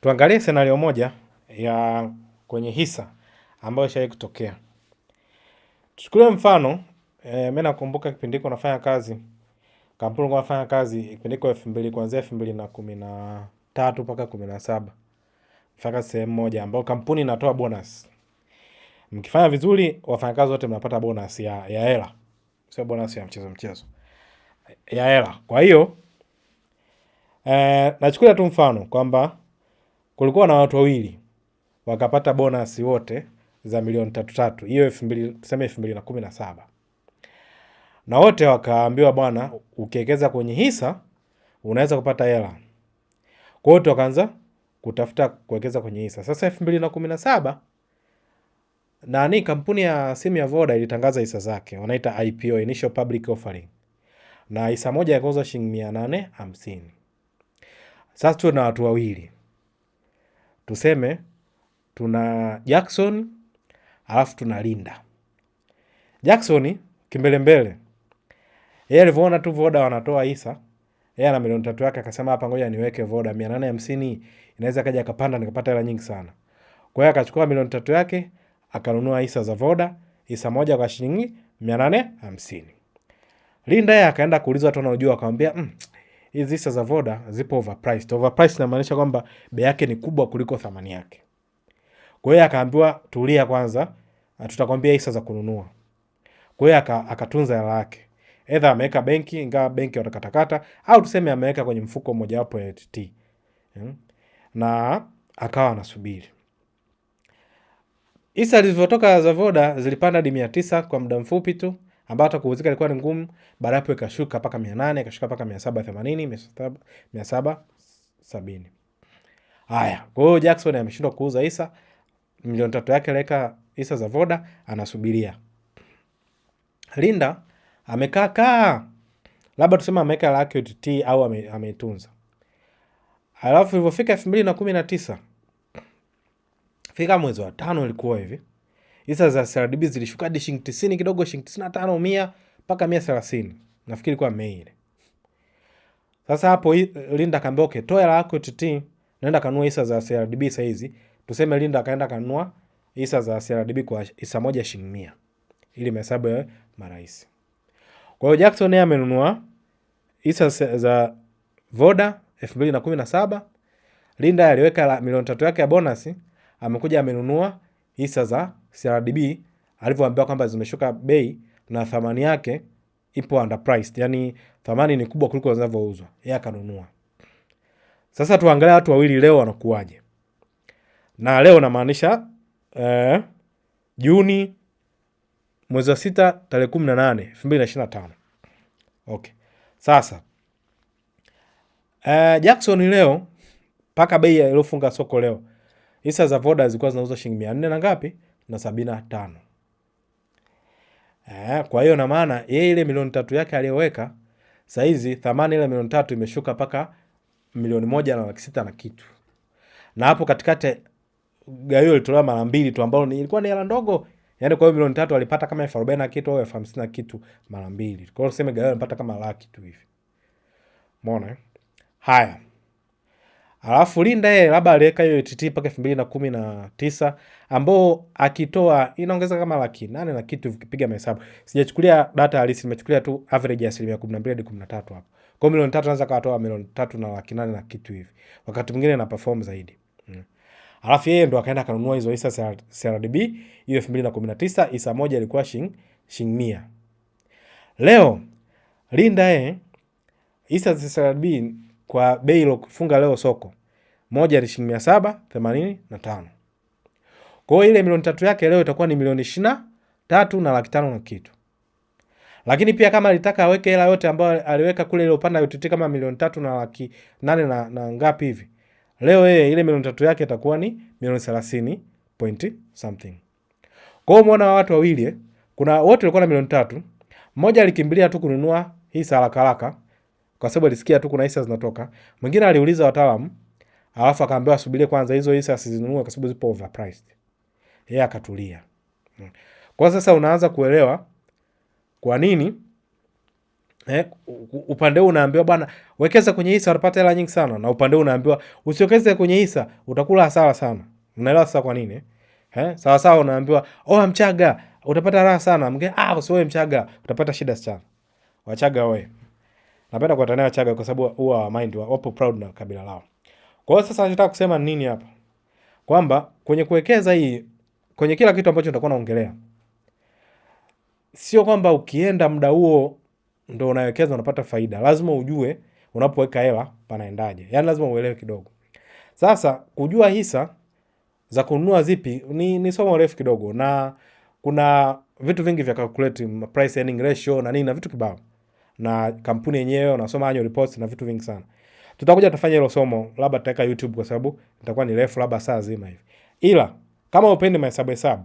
Tuangalie senario moja ya kwenye hisa ambayo ishawahi kutokea. Tuchukulie mfano e, mimi nakumbuka kipindi niko nafanya kazi kampuni kwa nafanya kazi kipindi kwa elfu mbili kuanzia elfu mbili na kumi na tatu mpaka kumi na saba mpaka sehemu moja ambayo kampuni inatoa bonus. Mkifanya vizuri wafanyakazi wote mnapata bonus ya ya hela, sio bonus ya mchezo mchezo, ya hela. Kwa hiyo eh, nachukulia tu mfano kwamba kulikuwa na watu wawili wakapata bonus wote za milioni tatu tatu, hiyo elfu mbili tuseme elfu mbili na kumi na saba na wote wakaambiwa, bwana, ukiwekeza kwenye hisa unaweza kupata hela. Kwa hiyo tukaanza kutafuta kuwekeza kwenye hisa. Sasa elfu mbili na kumi na saba nani, kampuni ya simu ya Voda ilitangaza hisa zake, wanaita IPO, initial public offering, na hisa moja yakauza shilingi mia nane hamsini. Sasa na watu wawili tuseme tuna Jackson alafu tuna Linda. Jackson kimbelembele, yeye alivyoona tu Voda wanatoa Isa, yeye ana milioni tatu yake, akasema hapa, ngoja niweke Voda mia nane hamsini inaweza kaja akapanda nikapata hela nyingi sana. Kwa hiyo akachukua milioni tatu yake akanunua Isa za Voda, Isa moja kwa shilingi mia nane hamsini. Linda yeye akaenda kuulizwa tu, anaujua, akamwambia mmm, hizi hisa za Voda zipo overpriced. Overpriced inamaanisha kwamba bei yake ni kubwa kuliko thamani yake. Kwa hiyo akaambiwa tulia kwanza, tutakwambia hisa za kununua. Kwa hiyo akatunza hela yake, edha ameweka benki, ingawa benki watakatakata, au tuseme ameweka kwenye mfuko mmojawapo ya TT hmm? na akawa anasubiri hisa zilivyotoka za Voda zilipanda hadi mia tisa kwa muda mfupi tu ambayo hata kuuzika ilikuwa ni ngumu. Baada ikashuka mpaka mia nane ikashuka mpaka saba sabini Haya, kwa hiyo Jackson ameshindwa kuuza hisa milioni tatu yake aleka hisa za Voda anasubiria. Linda amekaa kaa, labda tuseme ameweka hela yake UTT au ameitunza. Alafu ilivyofika elfu mbili na kumi na tisa fika mwezi wa tano ilikuwa hivi hisa za CRDB zilishuka hadi shilingi tisini kidogo, shilingi tisini na tano mia mpaka mia thelathini nafikiri kwa Mei ile. Sasa hapo Linda kaambia okay, toa hela yako TT, naenda kanua hisa za CRDB sasa hizi. Tuseme Linda akaenda kanua hisa za CRDB kwa hisa moja shilingi mia ili mahesabu ya marahisi. Kwa hiyo Jackson yeye amenunua hisa za Voda elfu mbili na na kumi saba. Linda aliweka milioni tatu yake ya bonasi, amekuja amenunua hisa za CRDB alivyoambiwa kwamba zimeshuka bei na thamani yake ipo underpriced, yani thamani ni kubwa kuliko zinavyouzwa, yeye akanunua. Sasa tuangalie watu wawili leo wanakuaje, na leo namaanisha eh, Juni mwezi wa sita tarehe kumi na nane elfu mbili na ishirini na tano. Okay. Sasa eh, Jackson leo mpaka bei aliyofunga soko leo hisa za Voda zilikuwa zinauzwa shilingi mia nne na ngapi na sabini na tano. Eh, kwa hiyo na maana yeye ile milioni tatu yake aliyoweka sasa hizi thamani ile milioni tatu imeshuka mpaka milioni moja na laki sita na kitu. Na hapo katikati gawio ilitolewa mara mbili tu ambalo ilikuwa ni hela ndogo. Yaani kwa hiyo milioni tatu alipata kama elfu arobaini na kitu au elfu hamsini na kitu mara mbili. Kwa hiyo tuseme gawio alipata kama laki tu hivi. Umeona? Eh? Haya. Alafu Linda yeye labda aliweka hiyo TT mpaka elfu mbili na kumi na tisa ambao akitoa inaongeza kama laki nane na kitu ukipiga mahesabu. Sijachukulia data halisi, nimechukulia tu average ya asilimia kumi na mbili hadi kumi na tatu hapo. Kwa milioni tatu anaweza kawatoa milioni tatu na laki nane na kitu hivi, wakati mwingine na perform zaidi hmm. Alafu yeye ndo akaenda akanunua hizo hisa CRDB hiyo elfu mbili na kumi na tisa hisa moja ilikuwa shing, shing mia. Leo Linda yeye hisa za CRDB kwa bei iliyofunga leo soko moja ni shilingi mia saba themanini na tano. Kwa hiyo ile milioni tatu yake leo itakuwa ni milioni ishirini na tatu na laki tano na kitu. Lakini pia kama alitaka aweke hela yote ambayo aliweka kule ile upande UTT kama milioni tatu na laki nane na, na ngapi hivi. Leo yeye ile milioni tatu yake itakuwa ni milioni thelathini point something. Kwa hiyo umeona watu wawili, eh? kuna wote walikuwa na milioni tatu. Mmoja alikimbilia tu kununua hisa haraka haraka kwa sababu alisikia tu kuna hisa zinatoka. Mwingine aliuliza wataalamu, alafu akaambiwa asubirie kwanza hizo hisa asizinunue kwa sababu zipo overpriced. Yeye akatulia. Kwa sasa unaanza kuelewa kwa nini eh, upande huu unaambiwa bwana, wekeza kwenye hisa utapata hela nyingi sana, na upande huu unaambiwa usiwekeze kwenye hisa utakula hasara sana. Unaelewa sasa kwa nini eh? Sawa sawa, unaambiwa oa oh, Mchaga utapata raha sana. Mgeni ah, usiwe Mchaga utapata shida sana. Wachaga wewe Napenda kuwatania Wachaga kwa sababu huwa wa hawamind, wapo proud na kabila lao. Kwa hiyo sasa nataka kusema nini hapa? Kwamba kwenye kuwekeza hii kwenye kila kitu ambacho nitakuwa naongelea. Sio kwamba ukienda muda huo ndo unawekeza unapata faida. Lazima ujue unapoweka hela panaendaje. Yaani lazima uelewe kidogo. Sasa kujua hisa za kununua zipi ni, ni somo refu kidogo na kuna vitu vingi vya calculate price earning ratio na nini na vitu kibao na kampuni yenyewe, unasoma annual reports na vitu vingi sana. Tutakuja tutafanya hilo somo, labda tutaweka YouTube kwa sababu itakuwa ni refu, labda saa zima hivi. Ila kama upendi mahesabu hesabu,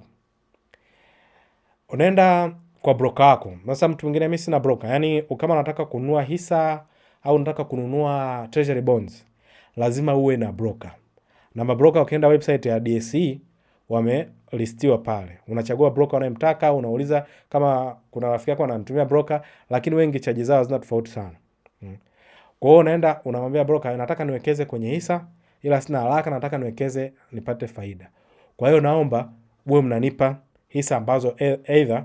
unaenda kwa broker wako. Sasa mtu mwingine, mimi sina broker, yani kama unataka kununua hisa au unataka kununua treasury bonds lazima uwe na broker na mabroker. Ukienda website ya DSE wamelistiwa pale. Unachagua broker unayemtaka, unauliza kama kuna rafiki yako anamtumia broker, lakini wengi chaji zao zina tofauti sana. Hmm. Kwa hiyo unaenda unamwambia broker, nataka niwekeze kwenye hisa ila sina haraka, nataka niwekeze nipate faida. Kwa hiyo naomba uwe mnanipa hisa ambazo e, either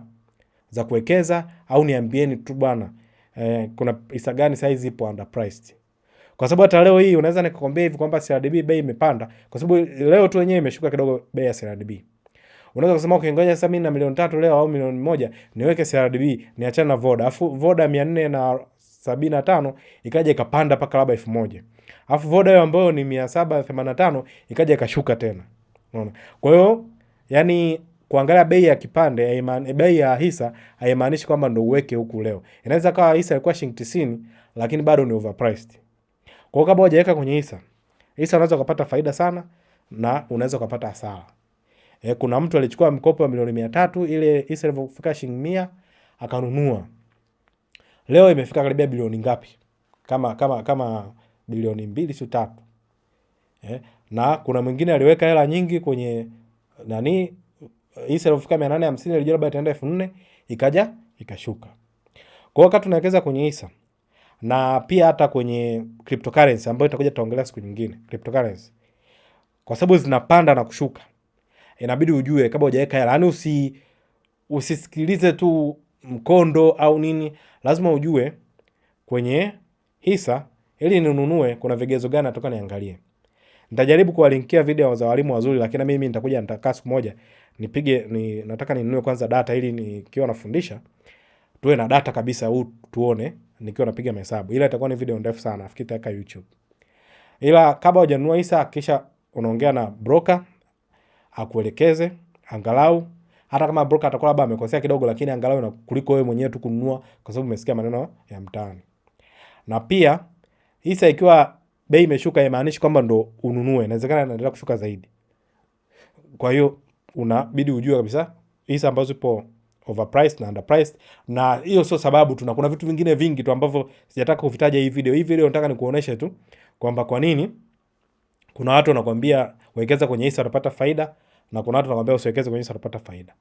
za kuwekeza au niambieni tu bwana, eh, kuna hisa gani saizi ipo underpriced kwa sababu hata leo hii unaweza nikakwambia hivi kwamba CRDB bei imepanda, kwa sababu leo tu wenyewe imeshuka kidogo bei ya CRDB. Unaweza kusema ukingoja sasa mimi na milioni tatu leo au milioni moja niweke CRDB niachane na Voda, afu Voda mia nne na sabini na tano ikaja ikapanda mpaka labda elfu moja afu Voda ambayo ni mia saba themanini na tano ikaja ikashuka tena, unaona. Kwa hiyo yani kuangalia bei ya kipande bei ya hisa haimaanishi kwamba ndo uweke huku leo. Inaweza kawa hisa ilikuwa shilingi 90 lakini bado ni overpriced. Kwa hiyo kabla hujaweka kwenye hisa, hisa unaweza kupata faida sana na unaweza kupata hasara. E, kuna mtu alichukua mkopo wa milioni mia tatu ile hisa ilivyofika shilingi 100 akanunua. Leo imefika karibia bilioni ngapi? Kama kama kama bilioni mbili si tatu. E, na kuna mwingine aliweka hela nyingi kwenye nani hisa ilipofika 850 alijua labda itaenda 4000 ikaja ikashuka. Kwa hiyo wakati tunawekeza kwenye hisa na pia hata kwenye cryptocurrency ambayo itakuja tutaongelea siku nyingine cryptocurrency, kwa sababu zinapanda na kushuka, inabidi ujue kabla hujaweka hela. Yani usi usisikilize tu mkondo au nini, lazima ujue kwenye hisa ili ninunue kuna vigezo gani natoka niangalie. Nitajaribu kuwalinkia video za walimu wazuri, lakini mimi nitakuja, nitakaa siku moja nipige ni, nataka ninunue kwanza data ili nikiwa nafundisha tuwe na data kabisa, huu tuone nikiwa napiga mahesabu, ila itakuwa ni video ndefu sana, nafikiri itaweka YouTube. Ila kabla hujanunua hisa, hakikisha unaongea na broker akuelekeze angalau hata kama broker atakuwa labda amekosea kidogo, lakini angalau na kuliko wewe mwenyewe tu kununua, kwa sababu umesikia maneno ya mtaani. Na pia hisa ikiwa bei imeshuka, haimaanishi kwamba ndo ununue, inawezekana inaendelea kushuka zaidi. Kwa hiyo unabidi ujue kabisa hisa ambazo ipo overpriced na underpriced, na hiyo sio sababu tu, na kuna vitu vingine vingi tu ambavyo sijataka kuvitaja hii video. Hii video nataka nikuoneshe tu kwamba kwa nini kuna watu wanakuambia wekeza kwenye hisa utapata faida na kuna watu wanakuambia usiwekeze kwenye hisa utapata faida,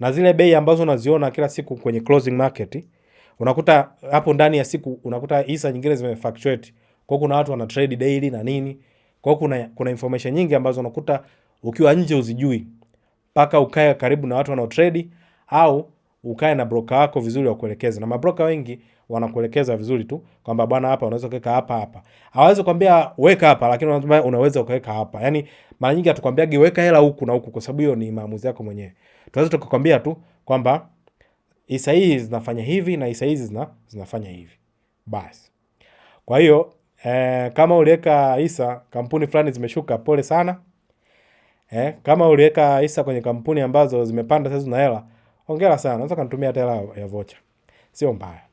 na zile bei ambazo unaziona kila siku kwenye closing market unakuta hapo ndani ya siku unakuta hisa nyingine zimefluctuate. Kwa kuna watu wana trade daily na nini, kwa kuna kuna information nyingi ambazo unakuta ukiwa nje uzijui, Paka ukae karibu na watu wanao trade au ukae na broka wako vizuri wakuelekeze. Na mabroka wengi wanakuelekeza vizuri tu kwamba bwana, hapa unaweza kuweka hapa hapa. Hawezi kuambia weka hapa, lakini unaweza ukaweka hapa. Yani mara nyingi hatukwambiagi weka hela huku na huku kwa sababu hiyo ni maamuzi yako mwenyewe. Tunaweza tukakwambia tu kwamba hisa hizi zinafanya hivi na hisa hizi zina, zinafanya hivi. Basi. Kwa hiyo eh, kama uliweka hisa kampuni fulani zimeshuka, pole sana. Eh, kama uliweka hisa kwenye kampuni ambazo zimepanda sasa na hela Hongera sana, unaweza kanitumia hela ya vocha, sio mbaya.